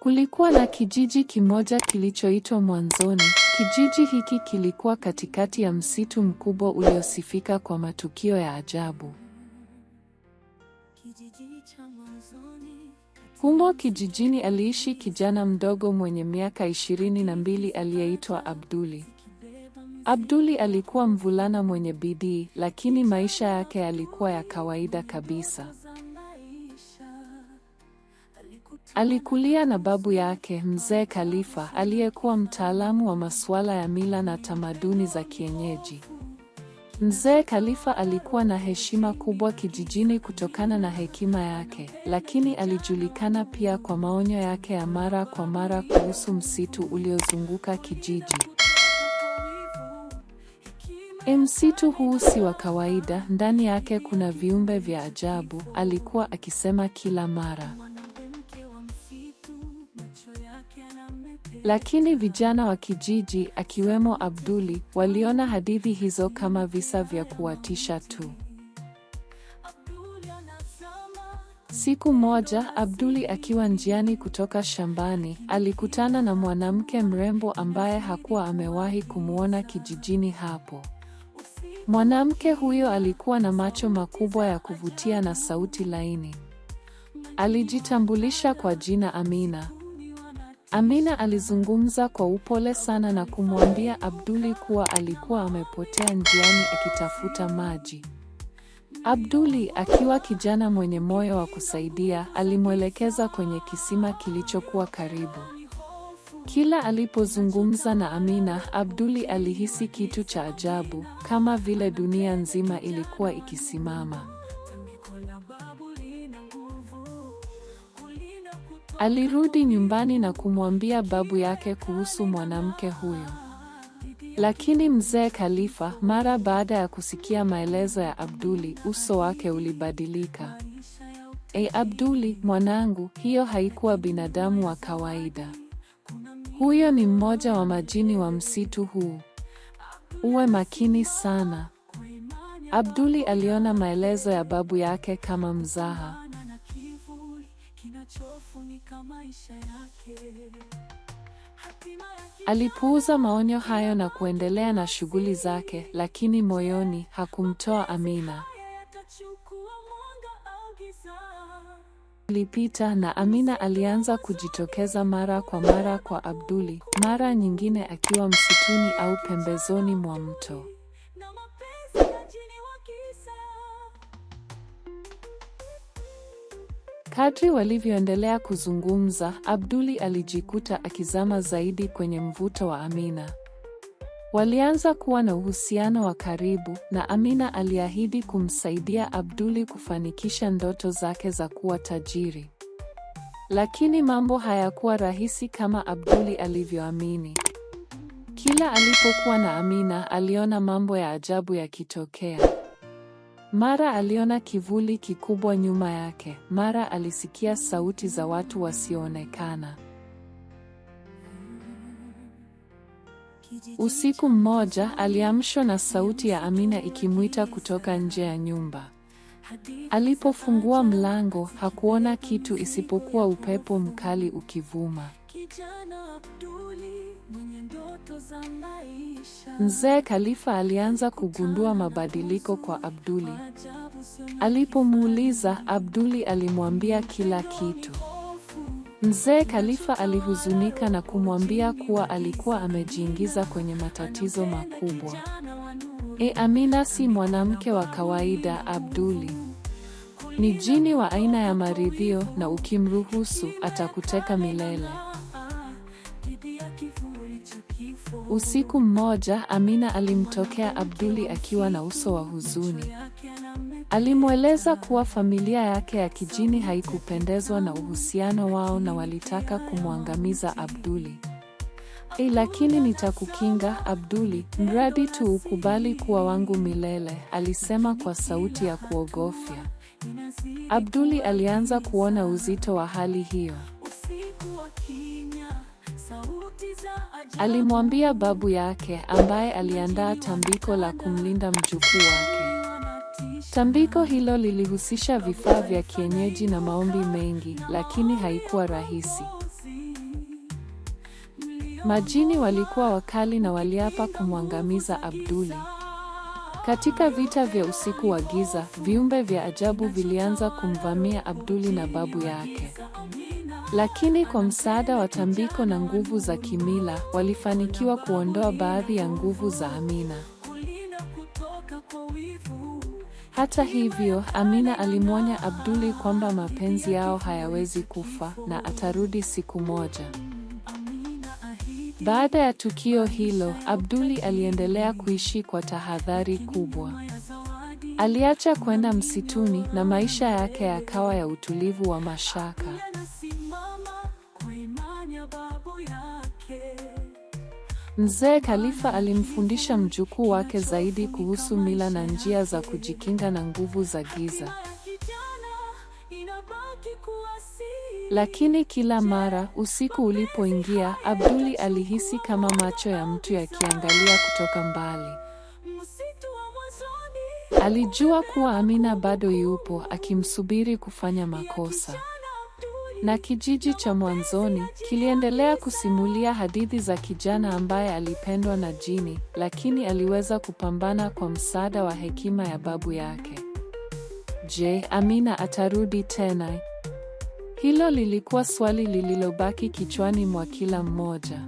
Kulikuwa na kijiji kimoja kilichoitwa Mwanzoni. Kijiji hiki kilikuwa katikati ya msitu mkubwa uliosifika kwa matukio ya ajabu. Humo kijijini aliishi kijana mdogo mwenye miaka ishirini na mbili aliyeitwa Abduli. Abduli alikuwa mvulana mwenye bidii, lakini maisha yake yalikuwa ya kawaida kabisa. Alikulia na babu yake Mzee Khalifa aliyekuwa mtaalamu wa masuala ya mila na tamaduni za kienyeji. Mzee Khalifa alikuwa na heshima kubwa kijijini kutokana na hekima yake, lakini alijulikana pia kwa maonyo yake ya mara kwa mara kuhusu msitu uliozunguka kijiji. E, msitu huu si wa kawaida, ndani yake kuna viumbe vya ajabu, alikuwa akisema kila mara. Lakini vijana wa kijiji akiwemo Abduli waliona hadithi hizo kama visa vya kuwatisha tu. Siku moja, Abduli akiwa njiani kutoka shambani, alikutana na mwanamke mrembo ambaye hakuwa amewahi kumwona kijijini hapo. Mwanamke huyo alikuwa na macho makubwa ya kuvutia na sauti laini. Alijitambulisha kwa jina Amina. Amina alizungumza kwa upole sana na kumwambia Abduli kuwa alikuwa amepotea njiani akitafuta maji. Abduli akiwa kijana mwenye moyo wa kusaidia, alimwelekeza kwenye kisima kilichokuwa karibu. Kila alipozungumza na Amina, Abduli alihisi kitu cha ajabu, kama vile dunia nzima ilikuwa ikisimama. Alirudi nyumbani na kumwambia babu yake kuhusu mwanamke huyo. Lakini mzee Khalifa, mara baada ya kusikia maelezo ya Abduli, uso wake ulibadilika. E, Abduli mwanangu, hiyo haikuwa binadamu wa kawaida. Huyo ni mmoja wa majini wa msitu huu. Uwe makini sana. Abduli aliona maelezo ya babu yake kama mzaha kinachofunika maisha yake. Alipuuza maonyo hayo na kuendelea na shughuli zake, lakini moyoni hakumtoa Amina. Ilipita na Amina alianza kujitokeza mara kwa mara kwa Abduli, mara nyingine akiwa msituni au pembezoni mwa mto. Kadri walivyoendelea kuzungumza, Abduli alijikuta akizama zaidi kwenye mvuto wa Amina. Walianza kuwa na uhusiano wa karibu na Amina aliahidi kumsaidia Abduli kufanikisha ndoto zake za kuwa tajiri. Lakini mambo hayakuwa rahisi kama Abduli alivyoamini. Kila alipokuwa na Amina, aliona mambo ya ajabu yakitokea. Mara aliona kivuli kikubwa nyuma yake, mara alisikia sauti za watu wasioonekana. Usiku mmoja aliamshwa na sauti ya Amina ikimwita kutoka nje ya nyumba. Alipofungua mlango, hakuona kitu isipokuwa upepo mkali ukivuma. Kijana Abduli mwenye ndoto za maisha. Mzee Khalifa alianza kugundua mabadiliko kwa Abduli. Alipomuuliza, Abduli alimwambia kila kitu. Mzee Khalifa alihuzunika na kumwambia kuwa alikuwa amejiingiza kwenye matatizo makubwa. E, Amina si mwanamke wa kawaida, Abduli. Ni jini wa aina ya maridhio na ukimruhusu atakuteka milele. Usiku mmoja Amina alimtokea Abduli akiwa na uso wa huzuni. Alimweleza kuwa familia yake ya kijini haikupendezwa na uhusiano wao na walitaka kumwangamiza Abduli. E, lakini nitakukinga Abduli, mradi tu ukubali kuwa wangu milele, alisema kwa sauti ya kuogofya. Abduli alianza kuona uzito wa hali hiyo. Alimwambia babu yake ambaye aliandaa tambiko la kumlinda mjukuu wake. Tambiko hilo lilihusisha vifaa vya kienyeji na maombi mengi, lakini haikuwa rahisi. Majini walikuwa wakali na waliapa kumwangamiza Abduli. Katika vita vya usiku wa giza, viumbe vya ajabu vilianza kumvamia Abduli na babu yake. Lakini kwa msaada wa tambiko na nguvu za kimila, walifanikiwa kuondoa baadhi ya nguvu za Amina. Hata hivyo, Amina alimwonya Abduli kwamba mapenzi yao hayawezi kufa na atarudi siku moja. Baada ya tukio hilo, Abduli aliendelea kuishi kwa tahadhari kubwa. Aliacha kwenda msituni na maisha yake yakawa ya utulivu wa mashaka. Mzee Khalifa alimfundisha mjukuu wake zaidi kuhusu mila na njia za kujikinga na nguvu za giza. Lakini kila mara usiku ulipoingia, Abduli alihisi kama macho ya mtu yakiangalia kutoka mbali. Alijua kuwa Amina bado yupo akimsubiri kufanya makosa. Na kijiji cha mwanzoni kiliendelea kusimulia hadithi za kijana ambaye alipendwa na jini, lakini aliweza kupambana kwa msaada wa hekima ya babu yake. Je, Amina atarudi tena? Hilo lilikuwa swali lililobaki kichwani mwa kila mmoja.